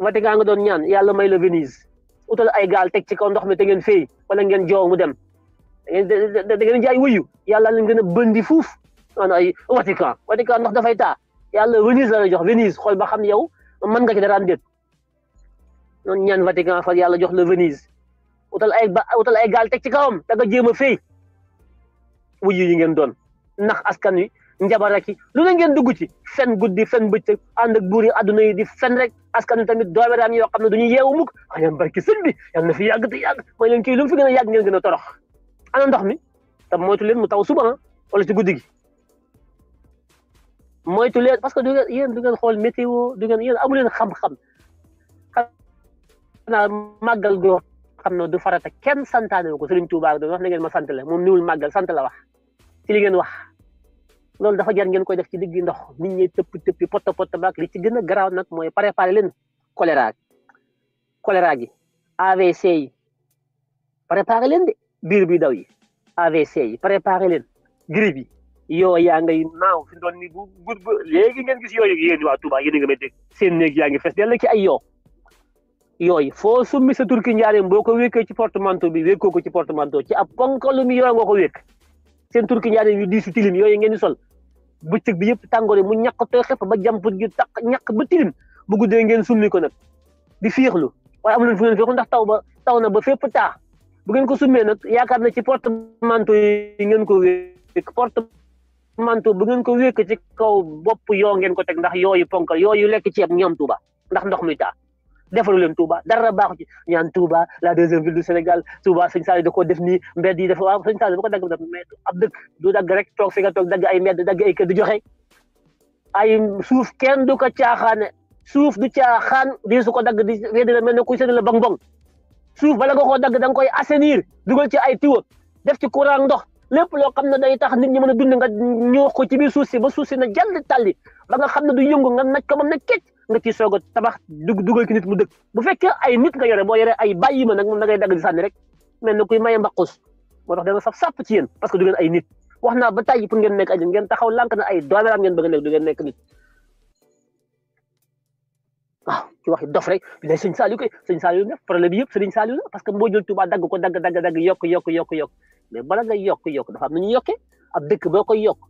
Vatican nga doon ñaan yàlla may la Venise utal ay gaal teg ci kaw ndox mi te ngeen fay wala ngeen joow mu dem da ngeen jaay wuyu yàlla leen gën a bëndi fuuf maanaam ay Vatican Vatican ndox dafay taa yàlla Venise la lay jox Venise xool ba xam yow mën nga ci daraan déet noonu ñaan Vatican fa yàlla jox la Venise utal ay ba utal ay gaal teg ci kawam da jéem a fay wuyu yi ngeen doon ndax askan wi njabar ki yi lu ne ngeen dugg ci fen guddi fen bëccëg ànd ak buur yi àdduna yi di fen rek askan wi tamit dooberaam yoo xam ne duñu yeewu mukk a yéen barki bi yal na fi yàgg te yàgg mooy leen kii lu mu fi gën a yàgg ngeen gën a torox ana ndox mi te moytu leen mu taw suba ah, wala ci guddi gi moytu leen parce que du ngeen yéen du ngeen xool météo du ngeen yéen amu leen xam-xam xanaa màggal goo xam ne du farata kenn santaane ko Sëriñ Tuubaa da wax na ngeen ma sant la moom niwul màggal sant la wax ci li ngeen wax loolu dafa jar ngeen koy def ci diggi ndox nit ñi tëpp tëppi poto poto baak li ci gën a garaaw nag mooy préparer leen choléra choléra gi AVC yi préparer leen de biir bi daw yi AVC yi préparer leen grippe yi yoo yaa ngay naaw fi doon ni bu bu léegi ngeen si yooyu yéen waa Touba yéen nga may dégg seen néeg yaa ngi fes dell ci ay yoo yooyu foo summi sa turki njaareem boo ko wékkee ci portemanteau bi wékkoo ko ci portemanteau ci a konkalu mi yoo nga ko wékk turki turkiñaade yu diisu tilim yooyu ngeen di sol bëccëg bi yëpp tàngoor mu ñàkk tooy xepp ba jàmput gi tak ñàkk ba tilim bu guddee ngeen summi ko nag di fiixlu waaye amul fu leen fiixlu ndax taw ba taw na ba fépp taa bu ngeen ko summee nag yaakaar na ci porte manteau yi ngeen ko wékk porte manteau bu ngeen ko wékk ci kaw bopp yoo ngeen ko teg ndax yooyu ponkal yooyu lekk ceeb ñoom tuuba ndax ndox muy taa defalu leen Touba dara baaxu ci ñaan Touba la deuxième ville du Sénégal Touba sëñ Saliou da koo def nii mbedd yi dafa waaw sëñ Saliou ko dagg bi daf mais ab dëkk du dagg rek toog fi toog dagg ay mbedd dagg ay kër di joxe ay suuf kenn du ko caaxaane suuf du caaxaan di su ko dagg di weddi la mel ne kuy la bang bang suuf bala nga koo dagg da nga koy assainir dugal ci ay tiwa def ci courant ndox lépp loo xam ne day tax nit ñi mën a dund nga ñoox ko ci biir suuf si ba suuf si na jàll tàlli ba nga xam ne du yëngu nga naj ko moom ne kecc nga ci sogo tabax dug dugal ci nit mu dëkk bu fekkee ay nit nga yore boo yore ay bàyyi ma nag moom da ngay dagg di sànni rek mel na kuy maye mbaqus moo tax dana saf sàpp ci yéen parce que du ngeen ay nit wax naa ba tàyyi pour ngeen nekk ay ngeen taxaw lànk na ay doomeraam ngeen bëgg a nekk du ngeen nekk nit waaw ah, ci waxi dof rek bi day sëñ saaliu koy sëñ saaliu def problème yëpp sëriñ saaliu la parce que boo jël tuba dagg ko dagg dagg dagg yokk yokk yokk yokk mais bala nga yokk yokk dafa am nañu yokke ab dëkk boo koy yokk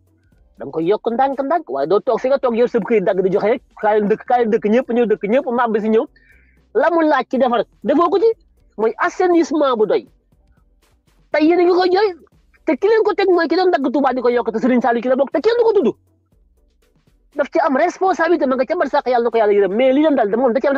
da koy yokk ndànk-ndànk waaye doo toog fi nga toog yor sëb këy dagg di joxe rek kaay dëkk kaay dëkk ñëpp ñëw dëkk ñëpp maam bi ñëw la laaj ci defar defoo ko ci mooy assainissement bu doy tey yéen a koy jooy te ki leen ko teg mooy ki doon dagg ko yokk te Serigne Saliou ci la bokk te kenn du tudd daf ci am responsabilité ma nga ca barsàq yàlla na ko yàlla yërëm mais li leen dal moom da ci am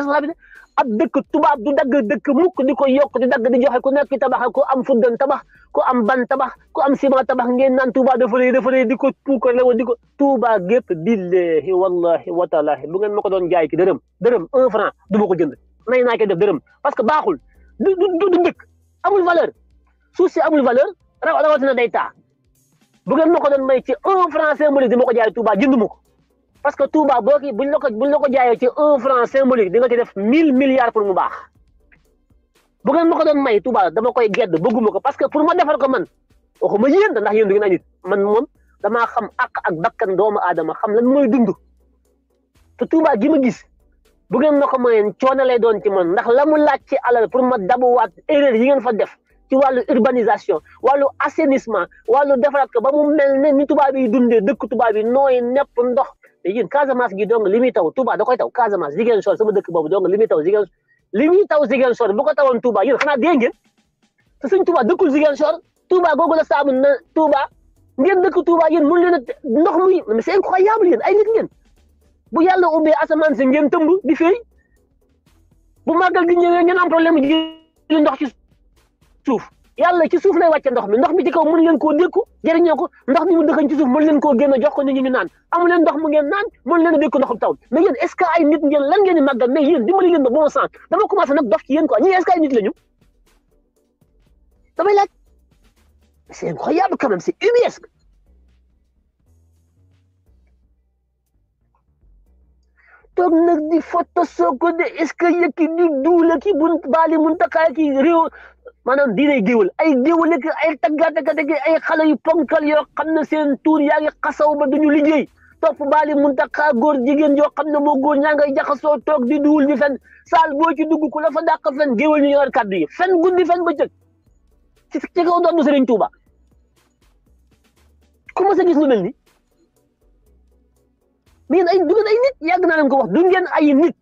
dagg mukk di ko yokk di dagg di joxe ku nekk tabax ku am fuddan tabax ku am ban tabax ku am siman tabax ngeen naan Touba dafa rëy dafa di ko puukarle woon ko Touba gépp billahi wallahi watalahi bu ngeen ko doon jaay ki dërëm dërëm un franc du ma ko jënd nay naa koy def dërëm parce que baaxul du du du dëkk amul valeur suuf si amul valeur rawatina day taa bu ngeen ma ko doon may ci un franc symbolique di ko jaay Touba jëndu ma ko parce que Touba boo kii buñ la ko buñ la ko jaayee ci un franc symbolique di nga ci def mille milliards pour mu baax bu ngeen ma ko doon may Touba dama koy gedd bëgguma ko parce que pour ma defar ko man waxuma yéen ndax yéen du ngeen ay nit man moom damaa xam ak ak bakkan doomu aadama xam lan mooy dund te Touba gi ma gis bu ngeen ma ko mayeen coono lay doon ci man ndax la mu laaj ci alal pour ma dabuwaat erreur yi ngeen fa def ci wàllu urbanisation wàllu assainissement wàllu defaraat ko ba mu mel ne ni Touba biy dundee dëkk Touba bi nooy nepp ndox. yéen Casamance gi dong li muy taw Touba da koy taw Casamance Ziguinchor sama dëkk boobu dong li muy taw Ziguinchor li muy taw Ziguinchor bu ko tawoon Touba yéen xanaa dee ngeen te suñ Touba dëkkul Ziguinchor Touba googu la saamu na Touba ngeen dëkk Touba yéen mun leen a ndox muy mais ko incroyable yéen ay nit ngeen bu yàlla ubbee asamaan si ngeen tëmb di feey bu màggal gi ñëwee ngeen am problème ji ndox ci suuf yalla ci souf lay wàcce ndox mi ndox mi ci kaw mën leen koo dékku jëriñoo ko ndox mi mu dëkkañ ci suuf mën leen koo génn jox ko nit ñi ñu naan amu leen ndox mu ngeen naan mën leen a dékku ndoxum taw mais yéen est-ce que ay nit ngeen lan ngeen di màggal mais yéen dimbali leen ba bon sang dama commencé nag dof ci yéen quoi ñii est-ce que ay nit lañu damay laaj c'est incroyable quand même c'est ubuesque toog nag di photo soo ko de est-ce que yëkki di duula ki bun baali mun takaay ki réew maanaam diinay géwal ay géwal ak ay taggaatagate ay xale yu ponkal yoo xam na seen tuur yaa ngi xasaw ba ñu liggéey topp baali mun takaa góor jigéen yoo xam ne moo góor ñaa ngay jaxasoo toog di duwul di fen saal boo ci dugg ku la fa dàq fen géwal ñu yor kàddu yi fen guddi fen ba cëg ci kaw doon du Sëriñ Tuuba ku ma sa gis lu mel ni mais yéen ay du ngeen ay nit yàgg naa leen ko wax du ngeen ay nit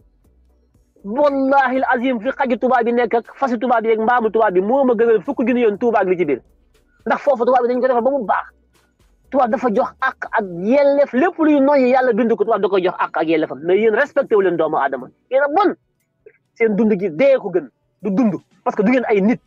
wallahi al azim fi xaju tubaab bi nekk ak fasi tubaab bi yeeg mbaamu tubaab bi moo ma gënal fukk junni yoon tubaab li ci biir ndax foofu tubaab bi dañ ko defar ba mu baax tubaab dafa jox ak ak yelleef lépp luy noyyi yàlla bind ko tubaab da koy jox ak ak yelleefam mais yéen respecté wu leen doomu aadama yéen a bon seen dund gi dee ko gën du dund parce que du ngeen ay nit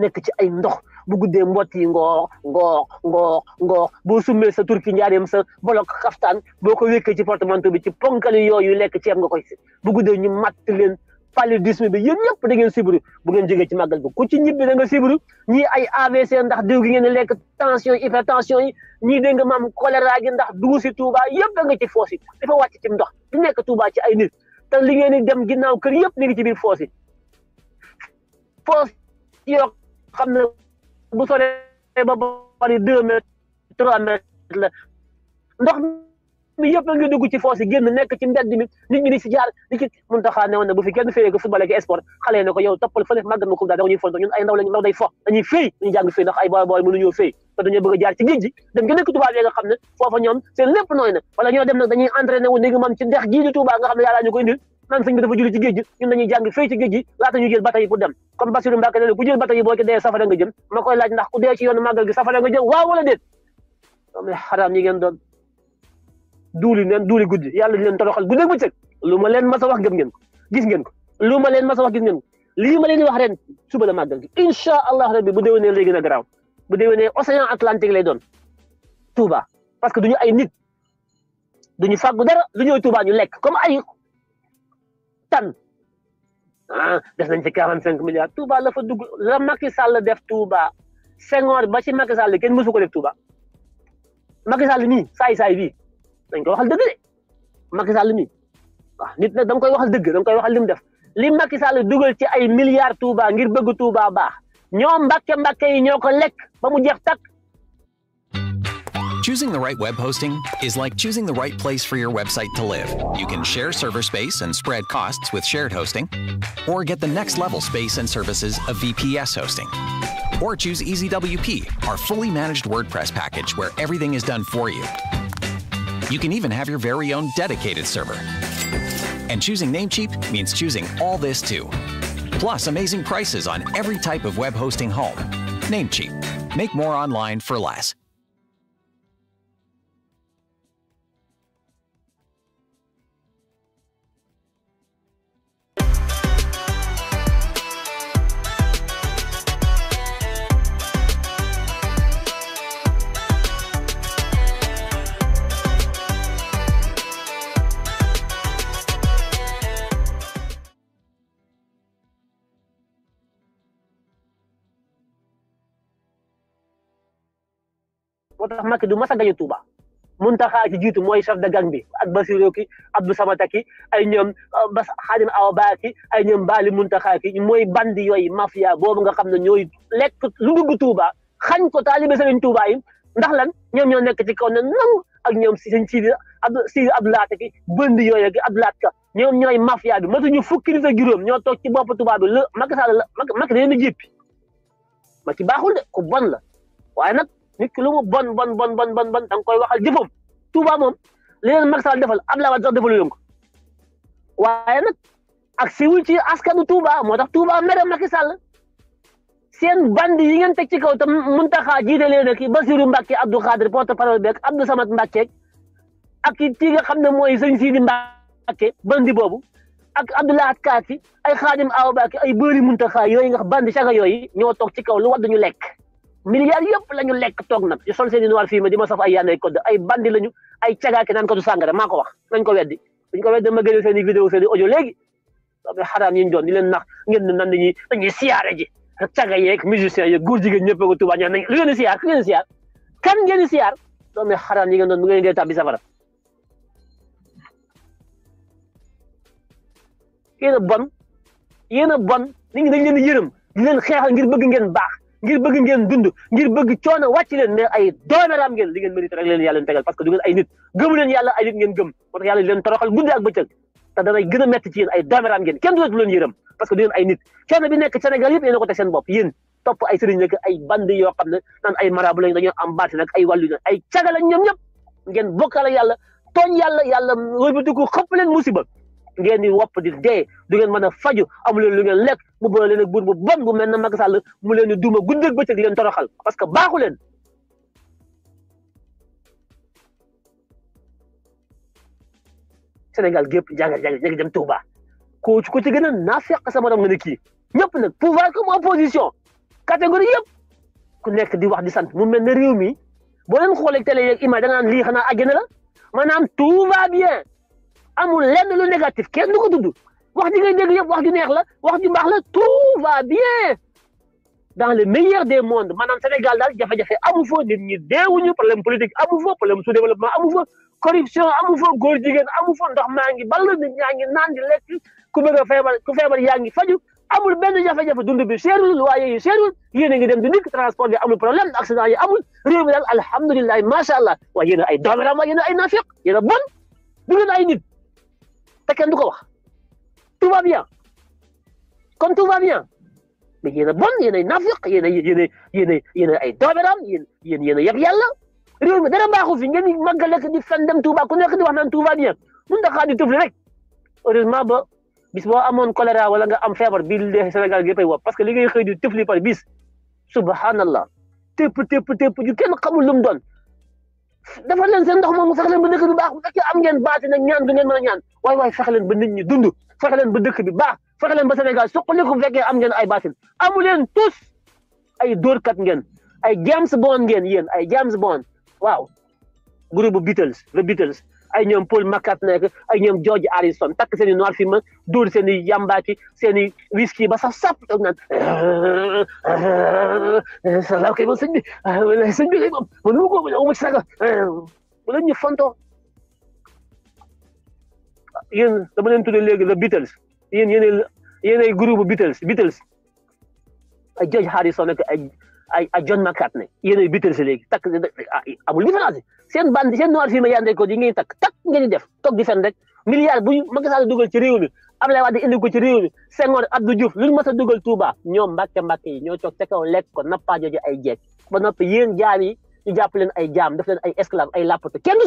nekk ci ay ndox bu guddee mbott yi ngoox ngoox ngoox ngoox boo summee sa turki njaareem sa bolok xaftaan boo ko wékkee ci portemanteau bi ci ponkali yooyu lekk ceeb nga koy si bu guddee ñu matt leen paludisme bi yéen ñëpp da ngeen sibru bu ngeen jógee ci màggal bi ku ci ñibbi da nga sibru ñii ay AVC ndax diw gi ngeen lekk tension yi hypertension yi ñii da nga maam choléra gi ndax dugg si Touba da nga ci foos yi dafa wàcc ci ndox di nekk Touba ci ay nit te li ngeen di dem ginnaaw kër yëpp li ngi biir foos yi foos yoo xam bu soree ba bari deux mètres la ndox mi yëpp a ngi dugg ci foos yi génn nekk ci mbedd mi nit ñi di jaar mun taxaa ne woon ne bu fi kenn féyee ko football ak sport xale ne ko yow toppal fële màggat ma ko daal da ñuy fonto ñun ay ndaw lañ ndaw day fo dañuy féy dañuy jàng féy ndax ay booy booy mënuñoo féy te a lépp nooy na wala ñoo dem nag dañuy entraîné wu dégg maam ci dex gii di Tuubaa nga xam ne yàllaa ñu ko indil naan sëñ bi dafa julli ci géej gi ñun dañuy jàng fii ci géej gi laata ñu jël bata yi pour dem comme Bassirou Mbacke ne ku jël bata yi boo ci dee safara nga jëm ma koy laaj ndax ku dee ci yoonu màggal gi safara nga jëm waaw wala déet doom yi xaraam yi doon duuli neen duuli guddi yàlla di leen toroxal guddeeg bëccëg lu ma leen mas a wax gëm ngeen ko gis ngeen ko lu ma leen mas a wax gis ngeen ko lii ma leen di wax ren suba la màggal gi incha allah rabbi bu déwénee léegi na garaaw bu déwénee lay doon Touba parce que duñu ay nit duñu fàggu dara du ñëw ñu lekk comme ay tan ah def nañ ci quarante cinq milliards Touba la fa dugg la Macky Sall def Touba Senghor ba ci Macky Sall kenn mësu ko def Touba Macky Sall mii saay saay bii dañ koy waxal dëgg de Macky Sall mii waaw nit nag da koy waxal dëgg da koy waxal li mu def li Macky Sall dugal ci ay milliards Touba ngir bëgg tuuba baax ñoo Mbàkke Mbàkke yi ñoo ko lekk ba mu jeex takk Choosing the right web hosting is like choosing the right place for your website to live. You can share server space and spread costs with shared hosting, or get the next level space and services of VPS hosting. Or choose EasyWP, our fully managed WordPress package where everything is done for you. You can even have your very own dedicated server. And choosing Namecheap means choosing all this too. Plus amazing prices on every type of web hosting home. Namecheap. Make more online for less. tax Macky du mas a gañu Touba Mountakha ci jiitu mooy chef de gang bi ak Bassirou ki Abdou Samata ki ay ñoom euh, Bas Khadim Awa Ba ki ay ñoom Bali Mountakha ki mooy bandi yooyu mafia boobu nga xam ne ñooy lekk lu dugg Touba xañ ko taalibe Serigne Touba yi ndax lan ñoom ñoo nekk ci kaw ne nangu ak ñoom sëñ Sidi ab Sidi Abdoulaye ki bëndi yooyu ak Abdoulaye ka ñoom ñooy mafia bi matuñu fukki nit ak juróom ñoo toog ci bopp Touba bi la Macky Sall la Macky Macky da leen a jéppi Macky baaxul de la nit ki lu mu bon bon bon bon bon bon da nga koy waxal jëfam Touba moom li leen Macky Sall defal Abdoulaye Wade sax defalu leen ko waaye nag si wul ci askanu Touba moo tax Touba mere Macky Sall seen bandi yi ngeen teg ci kaw te Muntaxa jiite leen ak Basiru Mbàkke Abdou Xaadir porte parole beeg Abdou Samad Mbàkke ak ki nga xam ne mooy sëñ Sidi Mbàkke bandi boobu ak Abdoulahat Kaati ay Xaadim Awa Mbàkke ay bëri Muntaxa yooyu nga bandi caga yooyu ñoo toog ci kaw lu wadd ñu lekk milliards yëpp la ñu lekk toog na sol seen i noir fii ma di ma saf ay yaanay code ay bandi lañu ay cagaake naan ko du sàngara maa ko wax nañ ko weddi suñ ko weddi ma génne seen i vidéo seen i audio léegi doomi xaraam yi doon di leen nax ngeen ne nan dañuy dañuy siyaare ji caga yeeg musiciens yeeg góor jigéen ñëpp ko tubaab ñaan nañ lu ngeen di siyaar ku ngeen di siyaar kan yi ngeen doon bu ngeen dee tàbbi safara yéen a bon yéen a bon nit ñi dañ leen di yërëm di leen xeexal ngir bëgg ngeen baax ngir bëgg ngeen dund ngir bëgg coono wàcc leen mais ay doomeraam ngeen li ngeen mérite rek leen yàlla leen tegal parce que du ngeen ay nit ngeen gëm moo tax leen toroxal guddi ak bëccëg te danay gën metti ci yéen ay doomeraam ngeen kenn dootu leen yërëm parce que du ay nit coono bi nekk Sénégal yëpp yéen a seen bopp yéen topp ay sëriñ rek ay bandi yoo ne naan ay marabu lañ am baati nag ay wàllu ay caga lañ ñoom ngeen bokkaale yàlla tooñ yàlla ngeen di wop di dee du ngeen mën faju amul lu ngeen lek mu bo leen ak bur bu bon bu mel ne Macky Sall mu leen di gundé ak bëccëg leen toroxal parce que baxu leen Sénégal gep jangal jangal jangal dem Touba ko ci ko ci gëna nafiq sa modam ngeen ki kii nak pouvoir comme opposition catégorie yépp ku nekk di wax di sant mu melni réew mi bo leen xolé télé yak image da nga li xana xanaa la manam tout va bien amul lenn lu négatif kenn du ko tudd wax ji ngay dégg wax ju neex la wax ju mbaax la tout va bien dans le meilleur des mondes maanaam Sénégal daal jafe-jafe amu fa nit ñi deewuñu problème politique amu fa problème sous développement amu fo corruption amu fa góor jigéen amu fa ndox maa ngi ball nit ñaa ngi naan di lekk ku bëgg feebar ku feebar yaa ngi faju amul benn jafe-jafe dund bi seerul loyer yi seerul yéen a ngi dem di dikk transport bi amul problème accident yi amul réew mi daal alhamdulilah macha allah waaye yéen ay doom yi ay nafiq yéen a bon du ngeen ay nit. te kenn du ko wax tout va bien kon tout va bien mais yéen a bon yéen ay nafiq yéen ay yéen ay yéen ay yéen ay dooberam yéen yéen yéen a yab yàlla réew mi dara baaxu fi ngeen di màggal ak di fan dem Touba ku nekk di wax naan tout va bien mun na xaar di tufli rek heureusement ba bis boo amoon choléra wala nga am feebar bii li Sénégal géppay wax parce que li ngay xëy di tufli par bis subhanallah tépp tépp tépp ju kenn xamul lu mu doon dafa leen seen ndox moomu fexe leen ba dëkk bi baax bu fekkee am ngeen baati nag ñaan bi ngeen mën a ñaan waaye waaye fexe leen ba nit ñi bi baax fexe leen ba Sénégal suqaliku bu fekkee am ngeen ay baatin amu leen tous ay kat ngeen ay James Bond ngeen yéen ay James Bond waaw groupe Beatles the Beatles ay ñoom Paul McCartney ay ñoom George Harrison takk seen i noir fi ma dóor seen i yàmbaaki ba sax sap toog naan salaam kay moom sëñ bi sëñ bi kay moom man ma ko ma ci saga bu leen ñu léegi le Beatles yéen yéen yéenay groupe Beatles Beatles ay George Harrison ak ay ay John McCartney yéenay Beatles léegi takk ah, amul différence seen bande seen noir fumier yaa ko yi ngeen takk takk ngeen di def toog di fen rek milliard bu Macky Sall dugal ci réew mi Abdoulaye Wade indi ko ci réew mi Senghor Abdou Diouf lu ñu mës a dugal Touba ñoom mbàkke mbàkke yi ñoo toog ca kaw lekk ko nappaajo ay jeeg noppi yéen jaam yi ñu leen ay jaam def leen ay esclave ay lappatu kenn ngi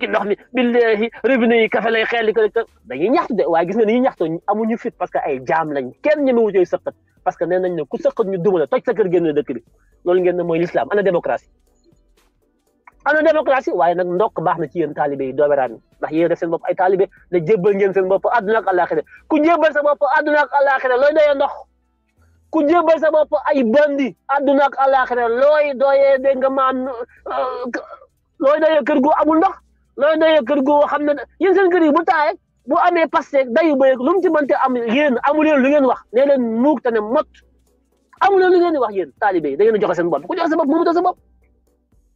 ci ndox mi billahi robinet yi café lay xeel li ko dañuy ñaxtu de waaye gis nga ni ñuy ne ku sëqat ñu dumala toj sa kër génn dëkk bi loolu ngeen ne mooy l'islam ana démocratie am na démocratie waaye nag ndokk baax na ci yéen taalibe yi dooberaan ndax yéen def seen bopp ay taalibe ne jébbal ngeen seen bopp àdduna ak ku jébbal sa bopp àdduna ak àllaaxira looy doyee ndox ku jébbal sa bopp ay bandi àdduna ak àllaaxira looy doyee dégg nga maam uh, looy doyee kër gu amul ndox looy doyee kër gu xam ne yéen seen kër yi bu taayee bu amee pasteeg dayu bëyeeg lu mu ci mënte am yéen amu leen lu ngeen wax nee leen muug te mot amu lu ngeen wax yéen taalibe yi da ngeen a joxe seen bopp ku joxe sa bopp moomu ta sa bopp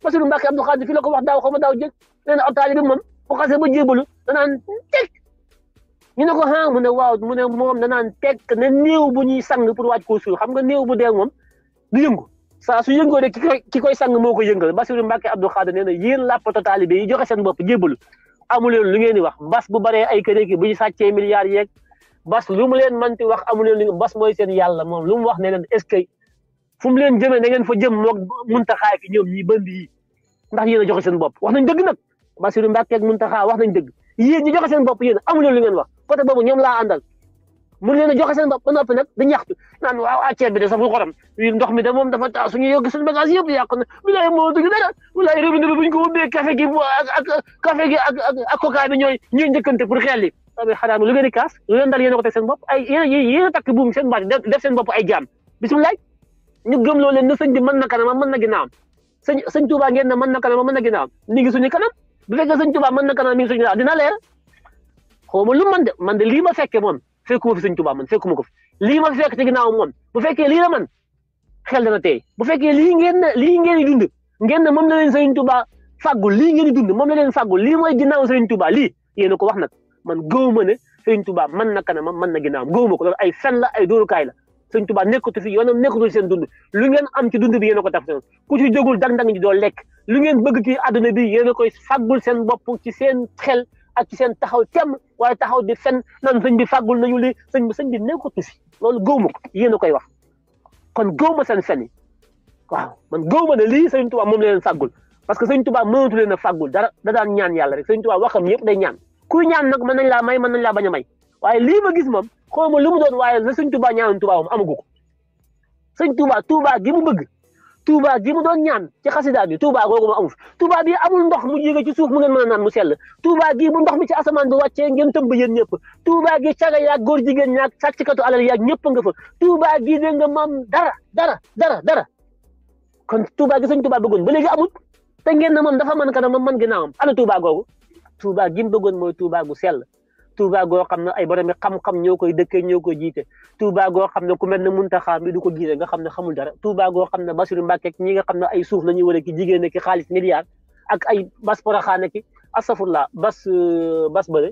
Basiru Mbàkke Abdu Xaadir fii la ko wax daaw xaw daaw jëg nee na ab taalibe moom bu xasee ba jébalu danaan teg ñu ne ko ah mu ne waaw mu ne moom danaan teg ne néew bu ñuy sang pour waaj koo suul xam nga néew bu dee moom du yëngu saa su yëngoo de ki koy ki koy sang moo ko yëngal Basiru Mbàkke Abdu Xaadir nee na yéen làppato taalibe yi joxe seen bopp jébalu amuleen lu ngeen wax bas bu baree ay kër ki bu ñu sàccee milliards yeeg bas lu mu leen manti wax amuleen lu bas mooy seen yàlla moom lu mu wax ne leen leen jëmee na ngeen fa jëm moog muntaxaay ki ñoom ñi bënd yi ndax yéen joxe seen bopp wax nañ dëgg nag Bassirou joxe seen bopp yéen amuñu lu wax côté boobu ñoom laa àndal mun leen a joxe seen bopp ba noppi nag di ñaxtu naan waaw ah, ceeb bi de saful xorom ndox mi de moom dafa taa suñu yokk suñu bagage yëpp yàqu na a ko teg seen bopp ay yéen yéen a takk buum seen baat def seen bopp ay jaam bisimilaay ñu gëm loo leen na sëñ bi mën na kanamam mën na ginnaawam sëñ sëñ Touba ngeen ne mën na kanam mën na ginnaaw mi ngi suñu kanam bu fekkee sëñ Touba na kanam mi dina leer xaw ma lu man man de lii ma fekke moom fekkuma sëñ Touba man fekkuma ko lii ma fekk ci ginnaaw moom bu fekkee lii la man xel dana tey bu fekkee lii ngeen lii ngeen di dund ngeen ne moom la leen sëñ Touba lii ngeen di dund moom la leen fàggul lii mooy ginnaaw sëñ Touba lii yéen ko wax nag man gëw ma ne sëñ Touba mën na kanam mën na ginnaaw gëw ma ko loolu ay fen la ay dóorukaay la sëñ Tuubaa nekkatu fi yoonam nekkatu seen dund lu ngeen am ci dund bi yéen ko def seen ku ci jógul dang-dang ji doo lekk lu ngeen bëgg ci àdduna bi yéen a koy fàggul seen bopp ci seen xel ak ci seen taxaw temm waaye taxaw di fen nan sëñ bi faggul nañu li sëñ bi sëñ bi nekkatu fi loolu gëwma ko yéen a koy wax kon gëwma seen fen yi waaw man gëwma ne lii sëñ Tuubaa moom la leen fàggul parce que sëñ Tuubaa mënatu leen a dara daan ñaan yàlla rek sëñ Tuubaa waxam yëpp day ñaan kuy ñaan nag mën nañ laa may mën nañ laa bañ a may waaye lii ma gis moom xaw ma lu mu doon waaye la sëñ Touba ñaanoon Touba moom amagu ko sëñ Touba Touba gi mu bëgg Touba gi mu doon ñaan ci xasida bi Touba googu ma amul Touba bi amul ndox mu yéege ci suuf mu ngeen mën a naan mu sell Touba gi bu ndox mi ci asamaan bi wàccee ngeen tëmb yéen ñëpp Touba gi caga yaag góor jigéen ñaag sàcckatu alal yaag ñëpp nga fa Touba gi dégg nga maam dara dara dara dara kon Touba gi sëñ Touba bëggoon ba léegi amul ngeen ne moom dafa mën kanam moom mën ginnaawam ana Touba googu Touba gi mu bëggoon mooy Touba gu sell Touba goo xam ne ay borom yi xam-xam ñoo koy dëkkee ñoo koy jiite Touba goo xam ne ku mel ne Muntaxa mi du ko jiite nga xam ne xamul dara Touba goo xam ne Basiru Mbàkke ak ñi nga xam ne ay suuf na ñuy wala ki jigéen ki xaalis milliard ak ay bas poroxaane ki astafurla bas euh, bas bële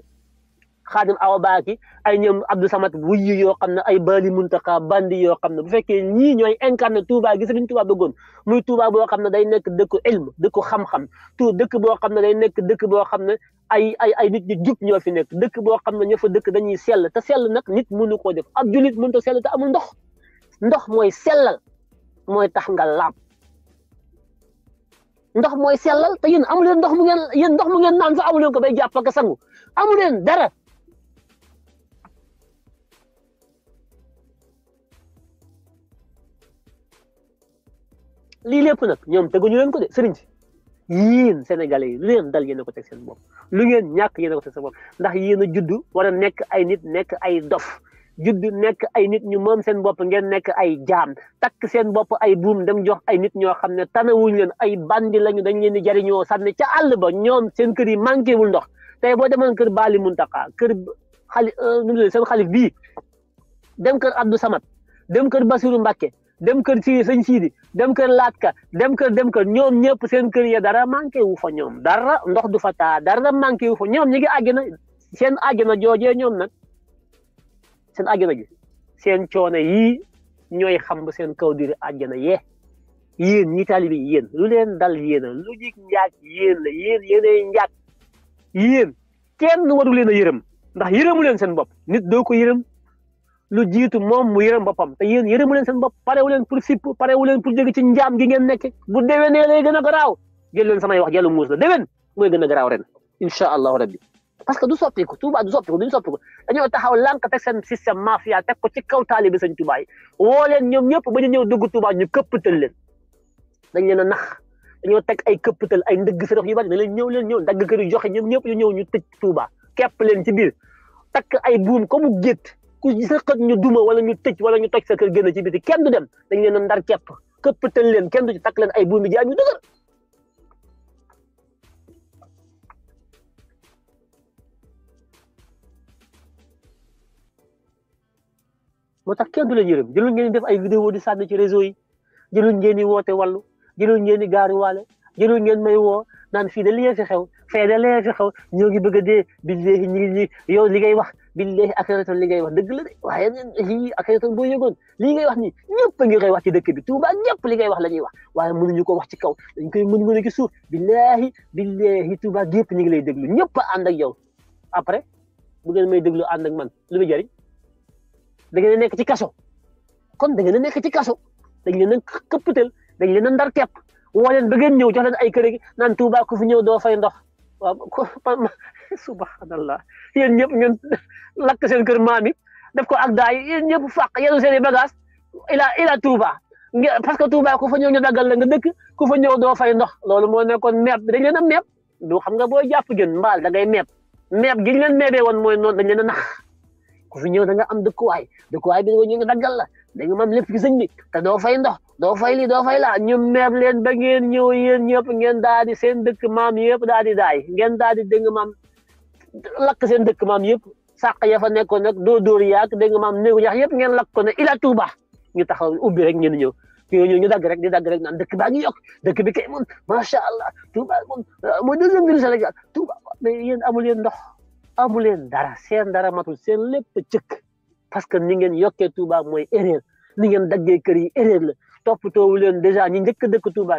xaadim awa baaki ay ñoom Abdou Samad wuyu yoo xam ne ay baali muntaka bandi yoo xam ne bu fekkee ñii ñooy incarné a gi Sëriñ Touba bëggoon muy Touba boo xam ne day nekk dëkku ilm dëkku xam-xam tout dëkk boo xam ne day nekk dëkk boo xam ne ay ay ay nit ñi jub ñoo fi nekk dëkk boo xam na ñoo fa dëkk dañuy sell te sell nag nit mënu koo def ab julit mënut a sell te amul ndox ndox mooy sellal mooy tax nga laab ndox mooy sellal te yéen amuleen ndox mu ngeen yéen ndox mu ngeen naan sax amuleen ko bay jàpp ak sangu amuleen dara lii lépp nag ñoom teguñu leen ko de sëriñ si yi lu leen dal yéen a ko teg seen bopp lu ngeen ñàkk yéen a ko teg seen bopp ndax yéen a judd war nekk ay nit nekk ay dof judd nekk ay nit ñu moom seen bopp ngeen nekk ay jaam takk seen bopp ay buum dem jox ay nit ñoo xam ne tanawuñ leen ay bandi lañu dañ leen di jariñoo sànni ca àll ba ñoom seen kër yi manqué wul ndox tey boo demoon kër Baali Muntaka kër xali nu seen xalif bii dem kër Abdou Samad dem kër Basiru Mbàkke dem kër si sëñ siidi dem kër laatka dem kër dem kër ñoom ñëpp seen kër ya dara manqué wu fa ñoom dara ndox du fa taa dara manqué wu fa ñoom ñi ngi àggina seen àggina joojee ñoom nag seen na gi seen coone yii ñooy xam ba seen kaw diri àggina yee yéen ñi taalibi yéen lu leen dal yéen a lu jik njaag yéen la yéen yéenay njaag yéen kenn waru leen a yërëm ndax yërëmu leen seen bopp nit doo ko yërëm lu jiitu moom mu yërëm boppam te yéen yërëmu leen seen bopp parewu leen pour sipp parewu leen pour jóge ci njaam gi ngeen nekk bu déwénee lay gën a garaaw jël leen samay wax jàllu muus la déwén mooy gën a garaaw ren incha allahu rabbi parce que du soppiku Touba du soppiku duñu soppiku taxaw lànk teg seen système mafia teg ko ci kaw taalibe sëñ Touba yi woo leen ñoom ñëpp ba ñu ñëw dugg Touba ñu këppatal leen dañ leen a nax dañoo teg ay këpp këppatal ay ndëgg sërëx yu bari ne leen ñëw leen ñëw dagg kër joxe ñoom ñëpp ñu ñëw ñu tëj Touba kepp leen ci biir takk ay buum comme gétt ku sëqat ñu duma wala ñu tëj wala ñu toj sa kër génn ci biti kenn du dem dañ leen a ndar kepp këppatal leen kenn du ci takk leen ay buumi jaay ñu dëgër moo tax kenn du leen yërëm jëlul ngeen di def ay vidéo di sànni ci réseau yi jëlul ngeen di woote wàllu jëlul ngeen di gaari waale jëlul ngeen may woo naan fii da lee fi xew fee da lee fi xew ñoo ngi bëgg dee bi léegi ñu ngi li ngay wax billahi Akhenaton li ngay wax dëgg la de waaye lii Akhenaton boo yëgoon lii ngay wax nii ñëpp a ngi koy wax ci dëkk bi Touba ñëpp li ngay wax la ñuy wax waaye mënuñu ko wax ci kaw dañ koy mën mën a ci suuf billahi billahi Touba gépp ñu ngi lay déglu ñëpp a ànd ak yow après bu ngeen may déglu ànd ak man lu muy jëriñ da ngeen a nekk ci kaso kon da ngeen a nekk ci kaso dañ leen a këpputal dañ leen a ndar kepp woo leen ba ngeen ñëw jox leen ay kër gi Touba ku fi ñëw doo fay ndox waaw subhanallah yéen ñëpp ngeen lakk seen kër maam yi def ko ak daay yéen ñëpp fàq yéen seen i bagage ila ila Touba parce que Touba ku fa ñëw ñu daggal la nga dëkk ku fa ñëw doo fay ndox loolu moo nekkoon meeb bi dañ leen a du xam nga booy jàpp jën mbaal da ngay meeb meeb gi ñu leen meebee woon mooy noonu dañ leen nax ku fi ñëw da nga am dëkkuwaay dëkkuwaay bi ñu daggal la da nga mam lépp ci sëñ bi doo fay ndox do fay li doo fay laa ñu meeb leen ba ngeen ñew yeen ñep ngeen daal seen dëkk maam yëpp daal daay ngeen daal di maam lakk seen dëkk maam yëpp sàq ya fa nekkoon nag doo dóor yaag dégg maam néegu yax yëpp ngeen lakk ko ne ila tuuba ñu taxaw ubbi rek ngeen ñëw ñu ñu ñu dagg rek di dagg rek naan dëkk baa ngi yokk dëkk bi kay moom macha allah tuuba moom mooy deuxième ville Sénégal tuuba mais yéen amu leen ndox amu leen dara seen dara matul seen lépp cëkk parce que ni ngeen yokkee tuuba mooy erreur ni ngeen daggee kër yi erreur la toppatoo wu leen dèjà ñi njëkk dëkk Touba